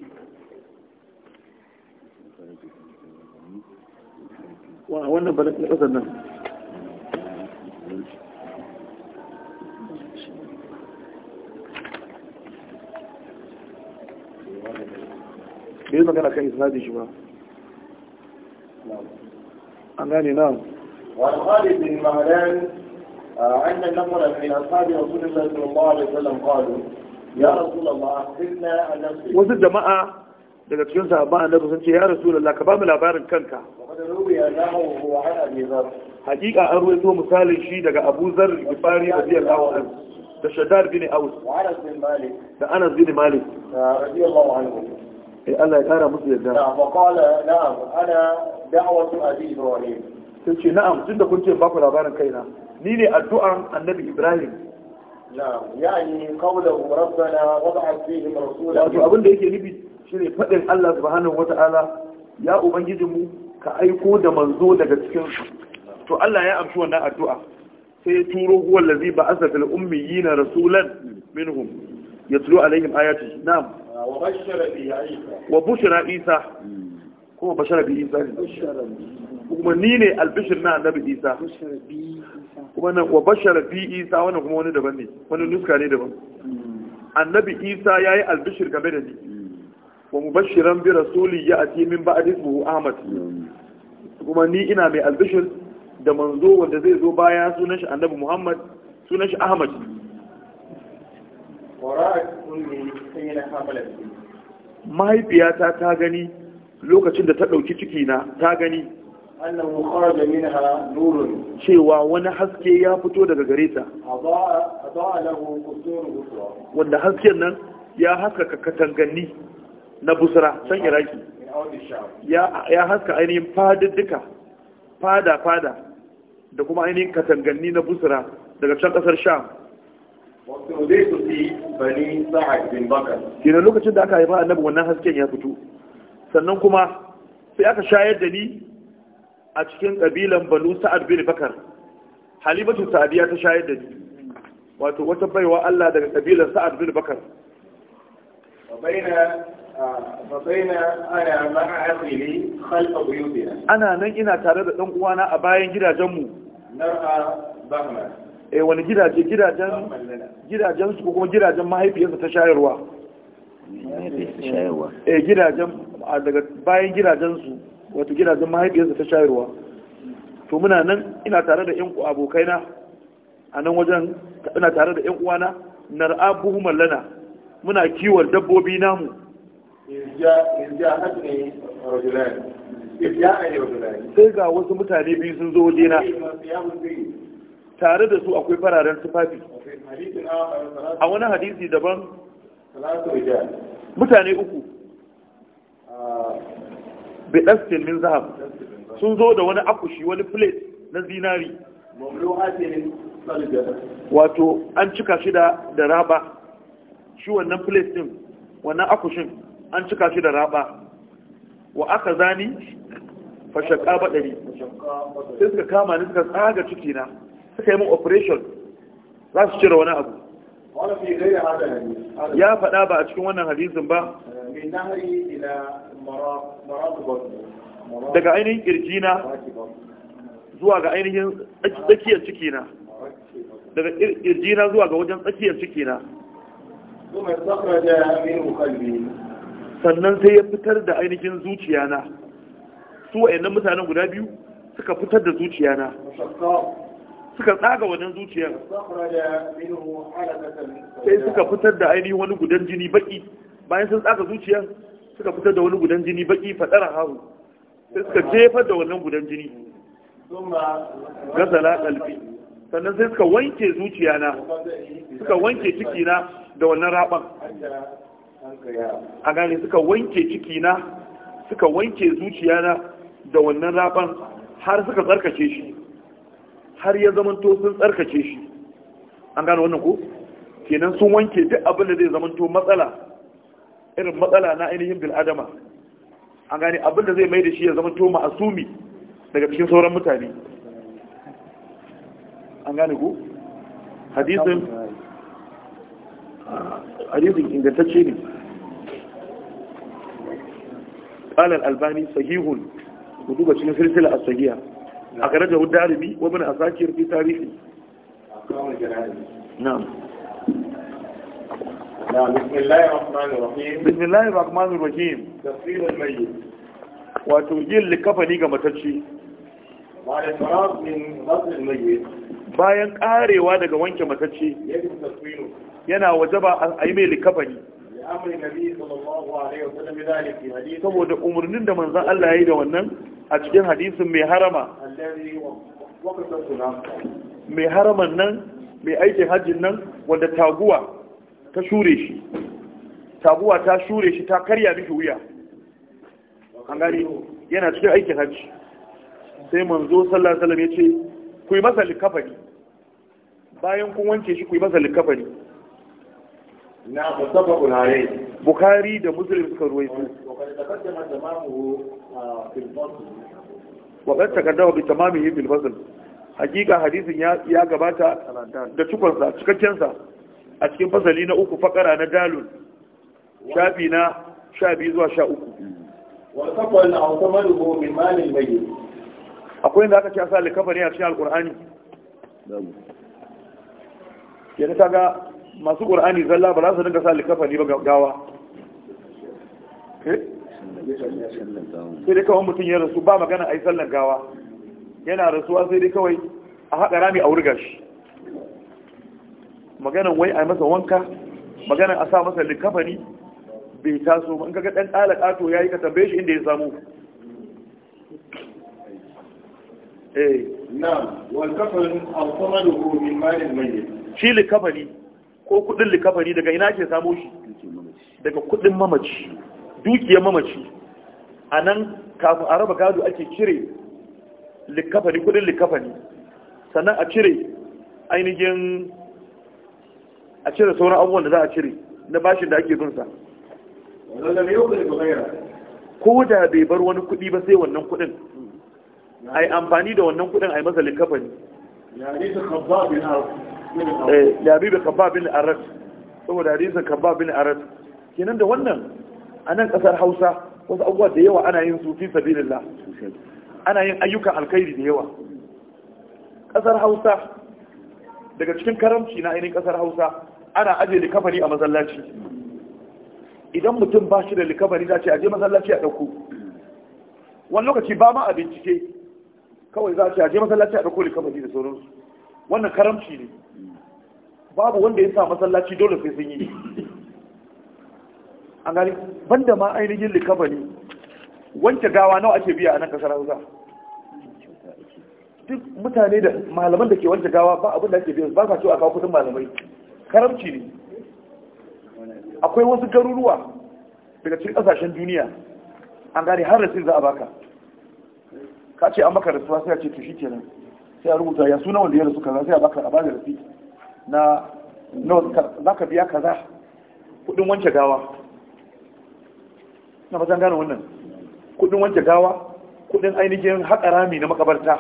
wannan ba na kasar nan bai magana kan isnadin shi ba an gane na Wasu خالد من أصحاب رسول الله صلى الله عليه وسلم قالوا يا رسول الله daga cikin a annabi sun ce ya da ka ba mu labarin kanka hakika an ruwaito misalin shi daga abu zar gifari radiyallahu anhu da shaddad bin aus da anas bin malik radiyallahu anhu eh Allah ya kara musu yadda fa qala na'am ana da'watu tunda kun ce ba ku labarin kaina ni ne addu'an annabi ibrahim na'am yani qawluhu rabbana wab'ath fihim rasulan wato abin da yake nufi shine fadin Allah subhanahu wata'ala ya ubangijinmu ka aiko da manzo daga cikin to Allah ya amshi wannan addu'a سيطوره هو الذي بعث في الأميين رسولا منهم يتلو عليهم آياته نعم وبشر بإيسا وبشر إيسا هو بشر بإيسا ومنين البشر مع النبي إيسا وبشر بإيسا وانه مواني دباني وانه نسكاني دبان النبي إيسا يأي البشر كبيرني ومبشرا برسول يأتي من بعد اسمه أحمد ومنين إنا من البشر da manzo wanda zai zo baya sunan shi annabi muhammad sunan shi ahmad mahaifiyata ta gani lokacin da ta ɗauki ciki na ta gani annahu kharaja minha nurun cewa wani haske ya fito daga gare ta wanda hasken nan ya haskaka katanganni na busra san iraki ya haska ainihin fadidduka fada fada da kuma ainihin katanganni na busra daga can kasar sham kenan lokacin da aka haifa annabi wannan hasken ya fito sannan kuma sai aka shayar da ni a cikin kabilan banu sa'ad bin bakar halibatu sa'adiya ta shayar da ni wato wata baiwa Allah daga kabilan sa'ad bin bakar ana nan ina tare da ɗan uwana a bayan gidajenmu eh wani gidaje gidajen gidajen su kuma gidajen mahaifiyarsa ta shayarwa eh gidajen daga bayan gidajen su wato gidajen mahaifiyarsa ta shayarwa to muna nan ina tare da yan na a nan wajen ina tare da yan uwana nar'a buhumar mallana muna kiwon dabbobi namu sai ga wasu mutane biyu sun zo na. tare da su akwai fararen tufafi a wani hadisi daban mutane uku bidastin min zahab sun zo da wani akushi wani plate na zinari wato an cika shi da raba shi wannan plate din wannan akushin an cika shi da raba wa aka zani fashaka baɗari sai suka kama ni suka tsaga ciki na suka yi min operation za su cire wani abu ya faɗa ba a cikin wannan hadisin ba daga ainihin na zuwa ga ainihin tsakiyar cikina daga na zuwa ga wajen tsakiyar na sannan sai ya fitar da ainihin zuciya na su wayannan mutanen guda biyu suka fitar da zuciya na suka tsaga wannan zuciyar sai suka fitar da ainihin wani gudan jini baki bayan sun tsaga zuciyar suka fitar da wani gudan jini baki fadara haru sai suka jefar da wannan gudan jini gasala kalbi sannan sai suka wanke zuciya na suka wanke ciki na da wannan raban a gane suka wanke ciki na suka wanke zuciya na da wannan rafan, har suka tsarkace shi har ya zamanto sun tsarkace shi an gano wannan ko kenan sun wanke duk abin da zai zamanto matsala irin matsala na ainihin bil'adama an gane abin da zai mai da shi ya zamanto ma'asumi daga cikin sauran mutane an gane ku hadisin hadisin ingantacce ne قال الألباني صحيح ku duba cikin silsila a sahiya a kare da darimi wa bin asakir fi tarihi na'am بسم الله الرحمن الرحيم بسم الله الرحمن الرحيم تفسير الميت wato yin likafani ga matacci bayan karewa daga wanke matacci yana wajaba a yi mai likafani saboda umarnin da manzan Allah ya yi da wannan a cikin hadisin mai harama mai haraman nan mai aikin hajjin nan wanda taguwa ta shure shi taguwa ta shure shi ta karya miki wuya an gari yana cikin aikin hajji sai manzo sallallahu alaihi wasallam ya ce ku yi masa likafani bayan kun wanke shi ku yi masa likafani na musabbabu alaihi bukhari da muslim suka ruwaito wa qad taqaddama bi tamamihi bil fasl hakika hadisin ya gabata da cikonsa cikakkensa a cikin fasali na uku fakara na dalun shafi na sha biyu zuwa sha uku akwai inda aka ce a sa likafani a cikin alkur'ani yanzu ta ga masu ƙur'ani zalla ba za su dinga sa likafani ba gawa Eh? sai dai kawai mutum ya rasu ba magana a yi sallan gawa yana rasuwa sai dai kawai a haɗa rami a wurga shi maganan wai a masa wanka maganan a sa masa likafani bai taso in ga ɗan ɗala ƙato ya yi ka tambaye shi inda ya samu eh. shi likafani ko kudin likafani daga ina ke samo shi daga kudin mamaci dukiyar mamaci a nan kafin a raba gado ake cire likafani kudin likafani sannan a cire ainihin a cire sauran abubuwan da za a cire na bashin da ake zunsa ko da bai bar wani kudi ba sai wannan kudin a yi amfani da wannan kudin a yi masa likafani eh, yabi da kababin arat saboda hadisin kababin arat kenan da wannan a nan ƙasar hausa wasu abubuwa da yawa ana yin sufi fi sabilillah ana yin ayyukan alkairi da yawa Ƙasar hausa daga cikin karamci na ainihin ƙasar hausa ana ajiye likabari a masallaci idan mutum ba shi da likabari za ce aje masallaci a ɗauko wani lokaci ba ma a bincike kawai za ce aje masallaci a ɗauko likabari da sauransu wannan karamci ne babu wanda ya sa masallaci dole sai sun yi an gani banda ma ainihin likabari wanke gawa nawa ake biya a nan kasar hausa duk mutane da malaman da ke wanke gawa ba abin da ake biya ba sa a kawo kudin malamai karamci ne akwai wasu garuruwa daga cikin kasashen duniya an gane har da za a baka ka ce an maka suwa sai a ce tushi kenan sai a rubuta ya suna wanda ya rasu kaza sai a baka a da rasi? na za ka biya kaza kudin wanke gawa na fatan gane wannan kudin wanke gawa kudin ainihin haƙa rami na makabarta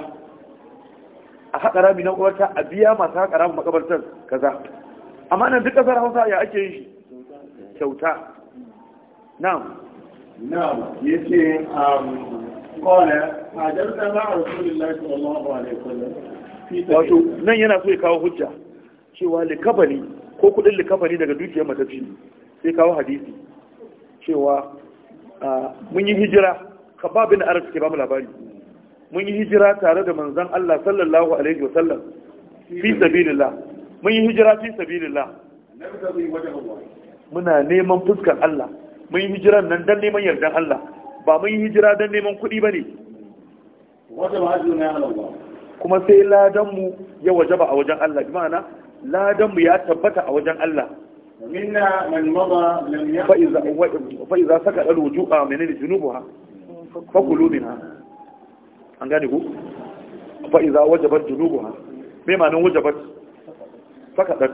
a haƙa rami na makabarta a biya masu haƙa rami makabartar kaza amma nan duk ƙasar hausa ya ake yin shi kyauta na'am na'am yace um, a hajarta na rasulullahi sallallahu alaihi wasallam wato nan yana so ya kawo hujja cewa likabari ko kudin likabari daga dukiyar matafi sai kawo hadisi cewa mun yi hijira kabab bin arab ke ba mu labari mun yi hijira tare da manzan Allah sallallahu alaihi wa sallam fi sabilillah mun yi hijira fi sabilillah muna neman fuskar Allah mun yi hijira nan dan neman yardan Allah ba mun yi hijira dan neman kuɗi bane wata ba ne. Allah kuma sai ladan mu ya wajaba a wajen Allah bi ma'ana ladan mu ya tabbata a wajen Allah ومنا من مضى لم يأخذ فإذا, فإذا سكت الوجوء من جنوبها فكلوا منها an gane ku fa'iza wajabar junubuwa mai manin wajabar sakaɗar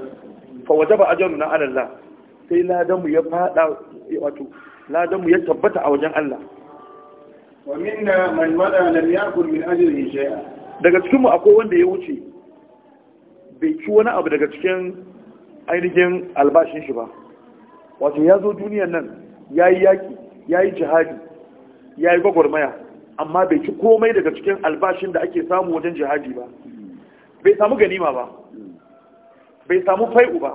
fa wajaba ajaru na alallah sai ladanmu ya fada wato ladanmu ya tabbata a wajen Allah wa minna man mada lam yakul min ajrihi shay'a daga cikin akwai wanda ya wuce bai ci wani abu daga cikin ainihin albashin shi ba wato ya zo duniyan nan ya yi yaƙi ya yi jihadi ya yi gwagwarmaya amma bai ci komai daga cikin albashin da ake samu wajen jihadi ba bai samu ganima ba bai samu fai'u ba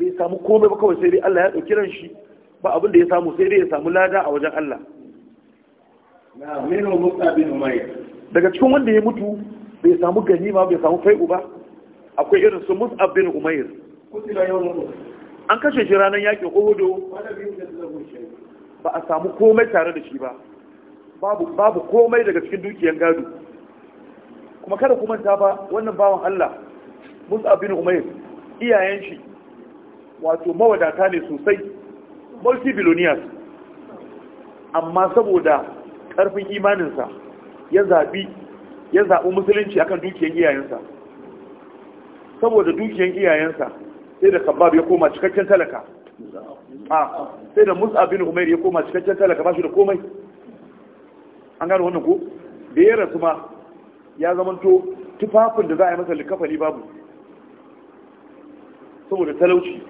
bai samu komai ba kawai sai dai Allah ya ɗauki ran shi ba abin da ya samu sai dai ya samu lada a wajen Allah daga cikin wanda ya mutu bai samu ganima bai samu fai'u ba akwai irin su mus'ab bin umair an kashe shi ranar yakin uhudu ba a samu komai tare da shi ba babu komai daga cikin dukiyar gado kuma kada kuma ta ba wannan bawan Allah mus'ab bin umair iyayen shi wato mawadata ne sosai multi billionaires amma saboda ƙarfin imaninsa ya zaɓi ya zaɓi musulunci akan dukiyar iyayensa saboda dukiyan iyayensa sai da kabab ya koma cikakken talaka a ah, sai da musa bin umair ya koma cikakken talaka ba shi da komai an gano wannan ko da ya rasu ma ya zamanto tufafin da za a yi masa likafali babu saboda talauci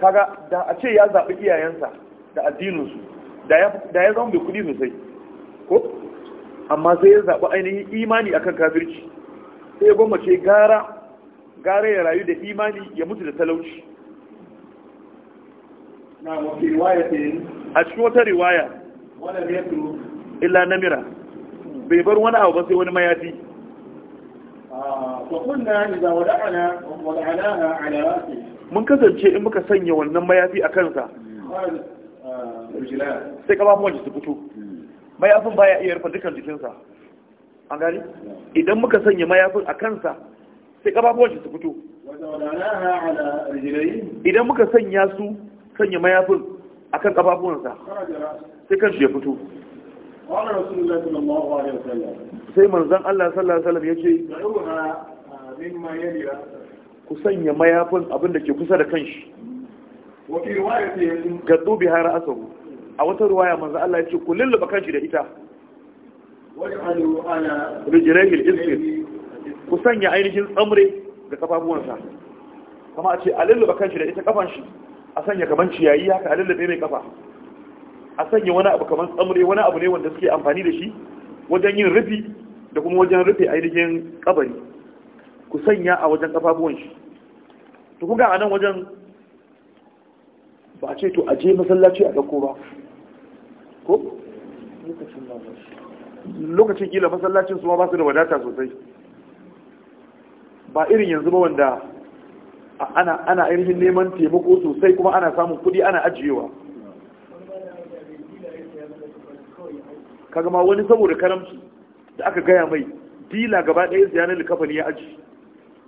kaga da a ce ya zaɓi iyayensa da addininsu da ya zama bai kuɗi sosai ko amma sai ya zaɓi ainihin imani akan kafirci sai ya gwammace gara gare ya rayu da imani ya mutu da talauci a cikin wata riwaya illa namira bai bar wani abu ba sai wani mayafi mun kasance in muka sanya wannan mayafi a kansa sai kafafuwan su fito mayafin baya iya rufe dukkan jikinsa an gani idan muka sanya mayafin a kansa sai kafafuwan shi su fito idan muka sanya su sanya mayafin a kan kafafuwansa sai kan ya fito sai manzan Allah sallallahu alaihi wasallam ce, ah, ku sanya mayafin abin da ke kusa da kanshi ga dubi har asabu a wata ruwaya manzan Allah ce ku lulluba kanshi da ita rijirai ku sanya ainihin tsamre ga kafafuwansa kama a ce a lullaba kanshi da ita kafan shi a sanya kaman ciyayi haka a lullube mai kafa a sanya wani abu kaman tsamre wani abu ne wanda suke amfani da shi wajen yin rufi da kuma wajen rufe ainihin kabari ku sanya a wajen kafafuwan shi to kuga a nan wajen ba a ce to a je masallaci a ɗauko ba ko lokacin kila masallacin su ma ba su da wadata sosai ba irin yanzu ba wanda ana ana ainihin neman taimako sosai kuma ana samun kuɗi ana ajiyewa kaga ma wani saboda karamci da aka gaya mai dila gaba ɗaya ziyarar likafani ya aji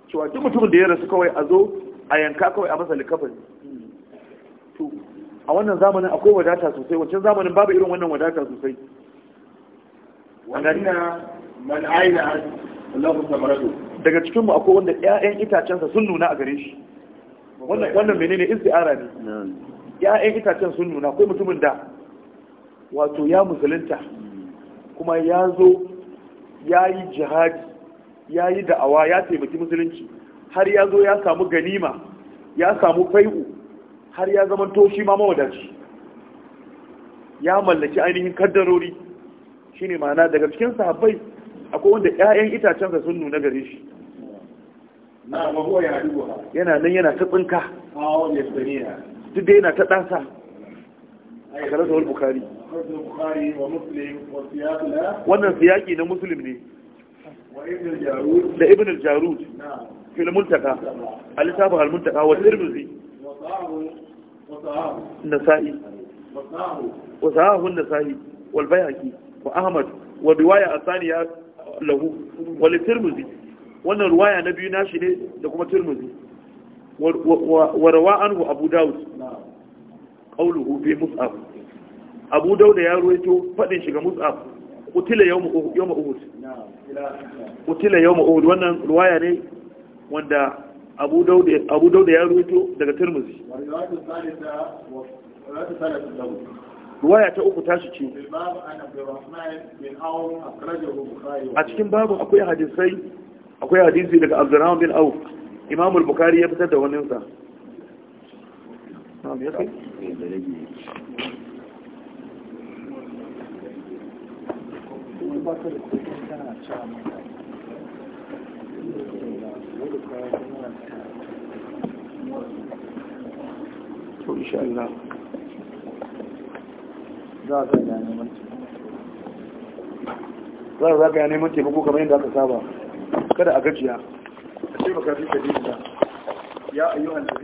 cewa duk mutumin da ya rasu kawai a zo a yanka kawai a masa likafani to a wannan zamanin akwai wadata sosai wancan zamanin babu irin wannan wadata sosai wadanda man aina daga cikin mu akwai wanda 'ya'yan itacensa sun nuna a gare shi wannan menene istiara ne 'ya'yan itacen sun nuna ko mutumin da wato ya musulunta kuma ya zo ya yi jihadi ya yi da'awa ya taimaki musulunci har ya zo ya samu ganima ya samu fai'u har ya zama toshi ma mawadaci ya mallaki ainihin kaddarori ne ma'ana daga cikin sahabbai akwai wanda 'ya'yan itacensa sun nuna gare shi yana nan yana ta tsinka duk da yana ta ɗansa a karatuwar bukari wannan siyaki na musulun ne da ibn al-jarud fil muntaka al al-muntaka wa tirmidhi nasa'i wa nasa'i wal bayhaqi wa ahmad wa riwaya asaniya lahu wali tirmizi wannan ruwaya na biyu nashi ne da kuma tirmizi wa rawa anhu abu daud qauluhu bi mus'ab abu daud ya ruwaito fadin shiga mus'ab utila yawm yawm uhud utila yawm uhud wannan ruwaya ne wanda abu daud abu daud ya ruwaito daga tirmizi ruwaya ta uku tashi ce a cikin babu akwai hadisai akwai hadisi daga abdurrahman bin auf Imamul Bukari ya fitar da wani sa to insha Allah za a sanya neman taimako za a kamar yadda aka saba kada a gajiya a ce baka fi ka ya ayyuhan